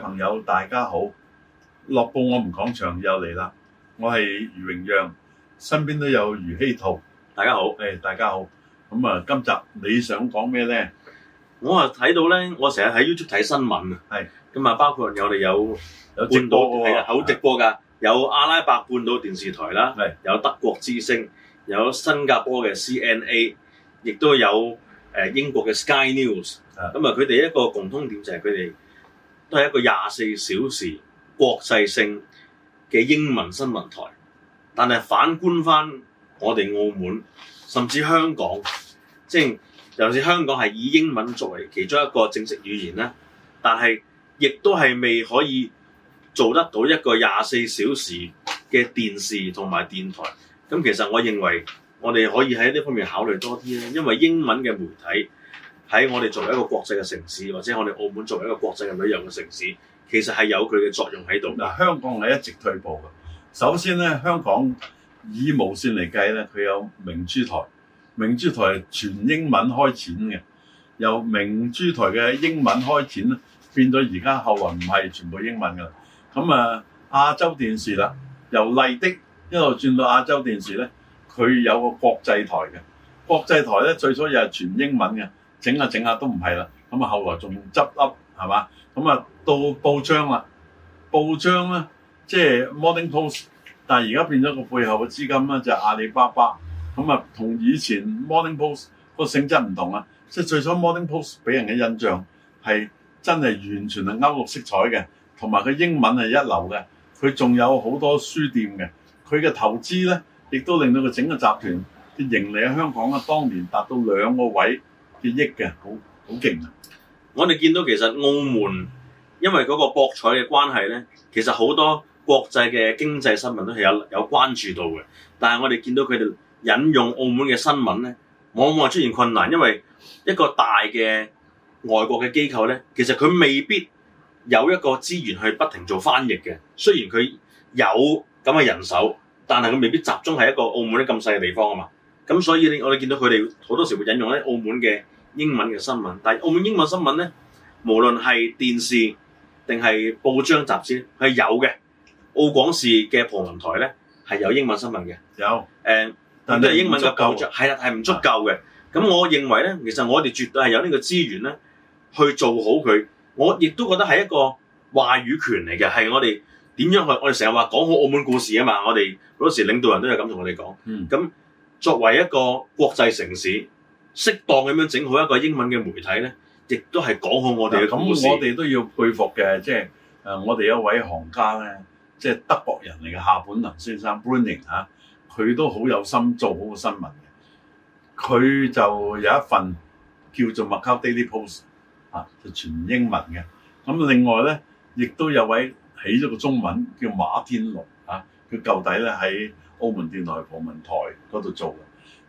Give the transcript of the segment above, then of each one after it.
朋友大家好，樂報我唔講場又嚟啦，我係余榮陽，身邊都有余希圖，大家好，誒大家好，咁啊今集你想講咩咧？我啊睇到咧，我成日喺 YouTube 睇新聞啊，係咁啊，包括有我哋有有直播係啊，好直播噶，有阿拉伯半島電視台啦，係有德國之聲，有新加坡嘅 CNA，亦都有誒英國嘅 Sky News，咁啊佢哋一個共通點就係佢哋。都係一個廿四小時國際性嘅英文新聞台，但係反觀翻我哋澳門甚至香港，即係尤其是香港係以英文作為其中一個正式語言啦，但係亦都係未可以做得到一個廿四小時嘅電視同埋電台。咁其實我認為我哋可以喺呢方面考慮多啲啦，因為英文嘅媒體。喺我哋作為一個國際嘅城市，或者我哋澳門作為一個國際嘅旅遊嘅城市，其實係有佢嘅作用喺度。嗱，香港係一直退步嘅。首先咧，香港以無線嚟計咧，佢有明珠台，明珠台係全英文開展嘅。由明珠台嘅英文開展咧，變咗而家後來唔係全部英文噶啦。咁啊，亞洲電視啦，由麗的一路轉到亞洲電視咧，佢有個國際台嘅，國際台咧，最初又係全英文嘅。整下整下都唔係啦，咁啊後來仲執笠係嘛？咁啊到報章啦，報章咧即係 Morning Post，但係而家變咗個背後嘅資金咧就係阿里巴巴，咁啊同以前 Morning Post 個性質唔同啦。即係最初 Morning Post 俾人嘅印象係真係完全係歐陸色彩嘅，同埋佢英文係一流嘅，佢仲有好多書店嘅，佢嘅投資咧亦都令到佢整個集團嘅盈利喺香港啊當年達到兩個位。益嘅，好好勁啊！我哋見到其實澳門，因為嗰個博彩嘅關係咧，其實好多國際嘅經濟新聞都係有有關注到嘅。但係我哋見到佢哋引用澳門嘅新聞咧，往往出現困難，因為一個大嘅外國嘅機構咧，其實佢未必有一個資源去不停做翻譯嘅。雖然佢有咁嘅人手，但係佢未必集中喺一個澳門咁細嘅地方啊嘛。咁所以你我哋見到佢哋好多時會引用咧澳門嘅。英文嘅新聞，但係澳門英文新聞咧，無論係電視定係報章雜誌，係有嘅。澳廣視嘅葡文台咧係有英文新聞嘅。有，誒、呃，但都係英文嘅報章，係啦，係唔足夠嘅。咁的我認為咧，其實我哋絕對係有呢個資源咧，去做好佢。我亦都覺得係一個話語權嚟嘅，係我哋點樣去？我哋成日話講好澳門故事啊嘛。我哋好多時領導人都係咁同我哋講。嗯。咁作為一個國際城市。適當咁樣整好一個英文嘅媒體咧，亦都係講好我哋嘅故事。咁我哋都要佩服嘅，即係誒我哋有一位行家咧，即、就、係、是、德國人嚟嘅夏本林先生 Bruning 嚇，佢、mm hmm. 啊、都好有心做好個新聞嘅。佢就有一份叫做《Macau Daily Post、啊》嚇，就全英文嘅。咁、啊、另外咧，亦都有一位起咗個中文叫馬天龍嚇，佢、啊、舊底咧喺澳門電台訪問台嗰度做嘅，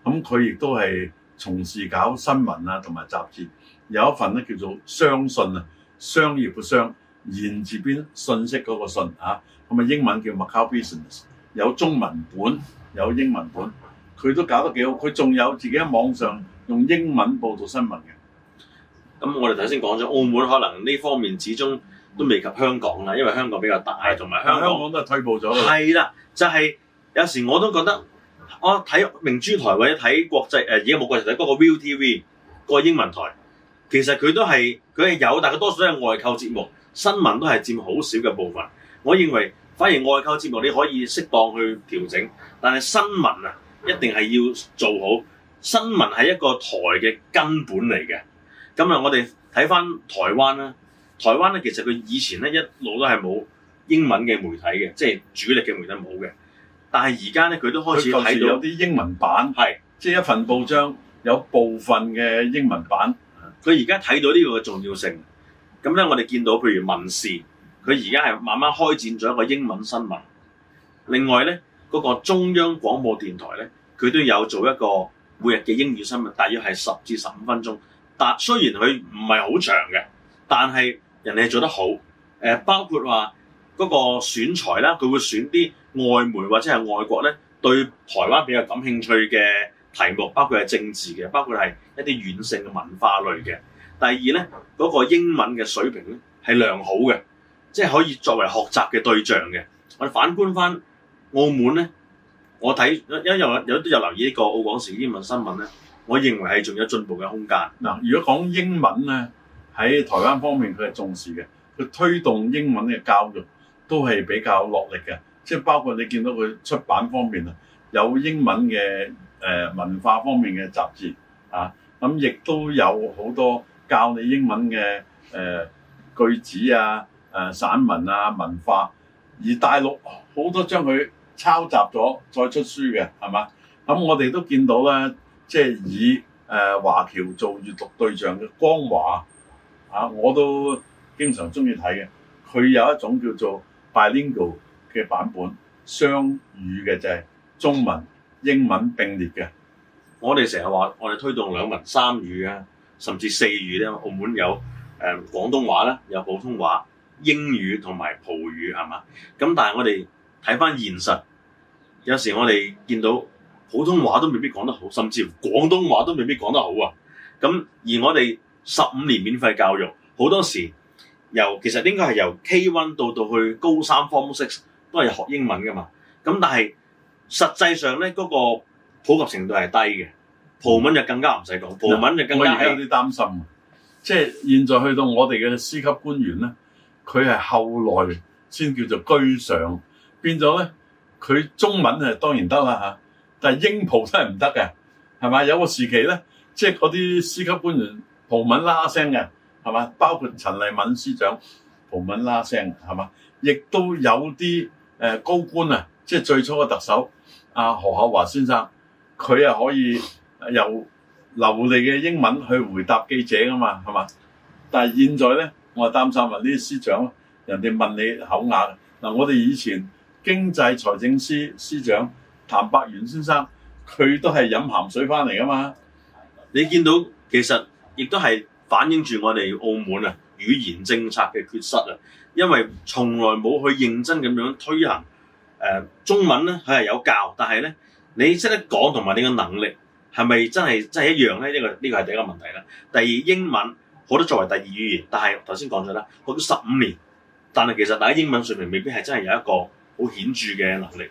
咁佢亦都係。從事搞新聞啊，同埋雜誌有一份咧叫做《商訊》啊，商業嘅商，言字邊訊息嗰個訊啊，同埋英文叫《Macau Business》，有中文本，有英文本，佢都搞得幾好，佢仲有自己喺網上用英文報道新聞嘅。咁我哋頭先講咗，澳門可能呢方面始終都未及香港啦，因為香港比較大，同埋香港香港都係退步咗。係啦，就係、是、有時我都覺得。我睇、啊、明珠台或者睇國際誒，而家冇國際睇嗰、那個 ViuTV 個英文台，其實佢都係佢係有，但係多數都係外購節目，新聞都係佔好少嘅部分。我認為反而外購節目你可以適當去調整，但係新聞啊，一定係要做好。新聞係一個台嘅根本嚟嘅。咁啊，我哋睇翻台灣啦、啊，台灣咧其實佢以前咧一路都係冇英文嘅媒體嘅，即係主力嘅媒體冇嘅。但係而家咧，佢都開始睇到有啲英文版，係即係一份報章有部分嘅英文版。佢而家睇到呢個嘅重要性。咁咧，我哋見到譬如《民視》，佢而家係慢慢開展咗一個英文新聞。另外咧，嗰個中央廣播電台咧，佢都有做一個每日嘅英語新聞，大約係十至十五分鐘。但雖然佢唔係好長嘅，但係人哋做得好。呃、包括話嗰個選材啦，佢會選啲。外媒或者係外國咧，對台灣比較感興趣嘅題目，包括係政治嘅，包括係一啲軟性嘅文化類嘅。第二咧，嗰個英文嘅水平咧係良好嘅，即係可以作為學習嘅對象嘅。我哋反觀翻澳門咧，我睇因為有有啲就留意呢個澳廣視英文新聞咧，我認為係仲有進步嘅空間。嗱，如果講英文咧，喺台灣方面佢係重視嘅，佢推動英文嘅教育都係比較落力嘅。即係包括你見到佢出版方面啊，有英文嘅誒文化方面嘅雜誌啊，咁亦都有好多教你英文嘅誒句子啊、誒散文啊、文化。而大陸好多將佢抄襲咗再出書嘅，係嘛？咁我哋都見到呢，即係以誒華僑做閱讀對象嘅《光華》啊，我都經常中意睇嘅。佢有一種叫做 Bilingual 嘅版本雙語嘅就係中文、英文並列嘅。我哋成日話我哋推動兩文三語啊，甚至四語咧。澳門有誒、呃、廣東話啦，有普通話、英語同埋葡語係嘛？咁但係我哋睇返現實，有時我哋見到普通話都未必講得好，甚至廣東話都未必講得好啊。咁而我哋十五年免費教育，好多時由其實應該係由 K1 到到去高三 Form 6，都係學英文噶嘛，咁但係實際上咧，嗰個普及程度係低嘅，葡、嗯、文就更加唔使講，葡、嗯、文就更加我有啲擔心。即、就、係、是、現在去到我哋嘅司級官員咧，佢係後來先叫做居上，變咗咧，佢中文係當然得啦、啊、但英葡都係唔得嘅，係嘛？有個時期咧，即係嗰啲司級官員葡文拉聲嘅，係嘛？包括陳麗敏司長葡文拉聲，係嘛？亦都有啲。誒高官啊，即係最初嘅特首阿何厚鏵先生，佢啊可以由流利嘅英文去回答記者㗎嘛，係嘛？但係現在咧，我係擔心呢啲司長，人哋問你口啞啞，我哋以前經濟財政司司長譚伯源先生，佢都係飲鹹水返嚟㗎嘛，你見到其實亦都係反映住我哋澳門啊。語言政策嘅缺失啊，因為從來冇去認真咁樣推行誒、呃、中文咧，佢係有教，但係咧，你識得講同埋你嘅能力係咪真係真係一樣咧？呢個呢個係第一個問題啦。第二，英文好多作為第二語言，但係頭先講咗啦，學咗十五年，但係其實大家英文上面未必係真係有一個好顯著嘅能力。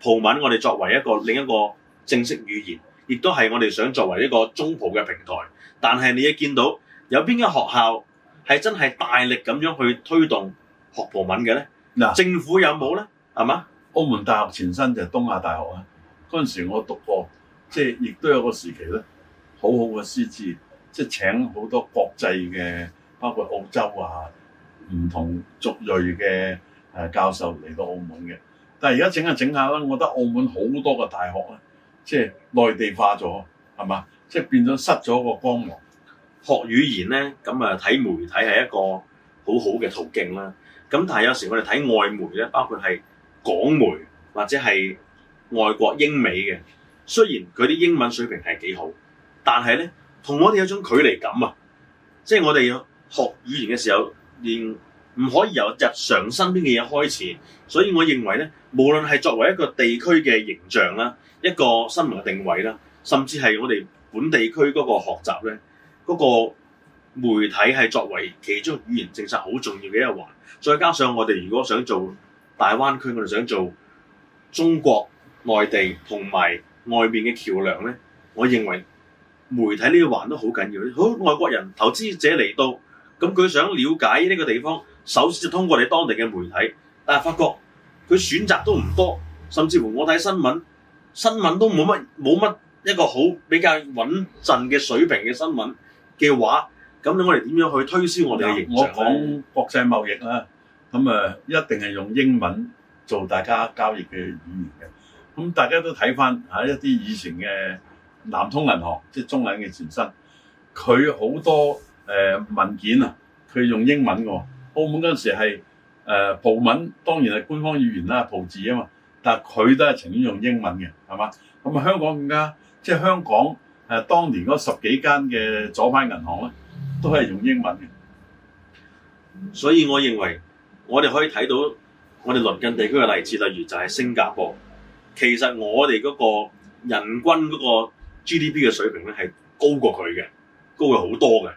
葡文我哋作為一個另一個正式語言，亦都係我哋想作為一個中葡嘅平台，但係你一見到有邊間學校？係真係大力咁樣去推動學葡文嘅咧，嗱、啊、政府有冇咧？係嘛？澳門大學前身就係東亞大學啊，嗰陣時我讀過，即係亦都有個時期咧，好好嘅師資，即係請好多國際嘅，包括澳洲啊，唔同族裔嘅誒教授嚟到澳門嘅。但係而家整下整下啦，我覺得澳門好多個大學咧，即、就、係、是、內地化咗，係嘛？即、就、係、是、變咗失咗個光芒。學語言咧，咁啊睇媒體係一個好好嘅途徑啦。咁但係有時我哋睇外媒咧，包括係港媒或者係外國英美嘅，雖然佢啲英文水平係幾好，但係咧同我哋有種距離感啊！即係我哋學語言嘅時候，連唔可以由日常身邊嘅嘢開始。所以，我認為咧，無論係作為一個地區嘅形象啦、一個新聞嘅定位啦，甚至係我哋本地區嗰個學習咧。嗰個媒體係作為其中語言政策好重要嘅一環，再加上我哋如果想做大灣區，我哋想做中國內地同埋外面嘅橋梁呢，我認為媒體呢個環都好緊要。好，哦，外國人投資者嚟到，咁佢想了解呢個地方，首先就通過你當地嘅媒體，但係發覺佢選擇都唔多，甚至乎我睇新聞，新聞都冇乜冇乜一個好比較穩陣嘅水平嘅新聞嘅話，咁我哋點樣去推銷我哋嘅形象？我講國際貿易啦，咁啊一定係用英文做大家交易嘅語言嘅。咁大家都睇翻一啲以前嘅南通銀行，即係中銀嘅前身，佢好多誒文件啊，佢用英文喎。澳門嗰陣時係誒葡文，當然係官方語言啦，葡字啊嘛。但係佢都係情願用英文嘅，係嘛？咁啊香港更加，即係香港。誒、啊，當年嗰十幾間嘅左派銀行咧，都係用英文嘅，所以我認為我哋可以睇到我哋鄰近地區嘅例子，例如就係新加坡。其實我哋嗰個人均嗰個 GDP 嘅水平咧係高過佢嘅，高過好多嘅。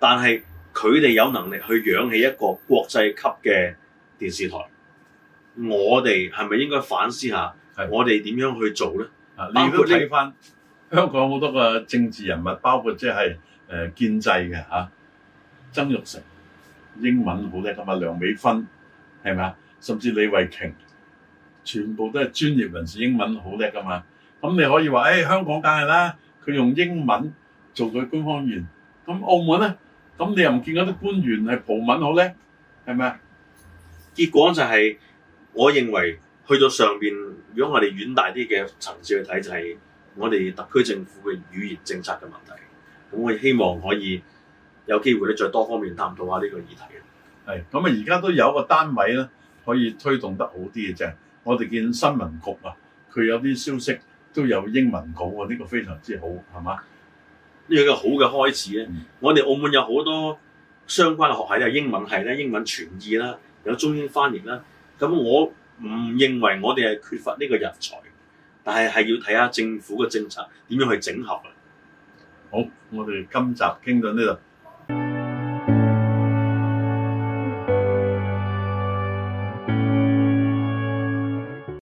但係佢哋有能力去養起一個國際級嘅電視台，我哋係咪應該反思下我哋點樣去做咧？你如果睇翻。香港好多嘅政治人物，包括即係誒建制嘅吓、啊，曾鈺成英文好叻，㗎嘛。梁美芬係咪啊？甚至李慧瓊，全部都係專業人士，英文好叻噶嘛？咁你可以話誒、哎，香港梗係啦，佢用英文做佢官方員。咁澳門咧，咁你又唔見嗰啲官員係葡文好叻，係咪啊？結果就係、是，我認為去到上邊，如果我哋遠大啲嘅層次去睇，就係、是。我哋特區政府嘅語言政策嘅問題，咁我希望可以有機會咧，再多方面探討下呢個議題。係，咁啊，而家都有一個單位咧，可以推動得好啲嘅，即係我哋見新聞局啊，佢有啲消息都有英文稿啊，呢、這個非常之好，係嘛？呢個好嘅開始咧，嗯、我哋澳門有好多相關嘅學校英文系咧，英文系咧，英文傳譯啦，有中英翻譯啦，咁我唔認為我哋係缺乏呢個人才。但係係要睇下政府嘅政策點樣去整合。好，我哋今集傾到呢度。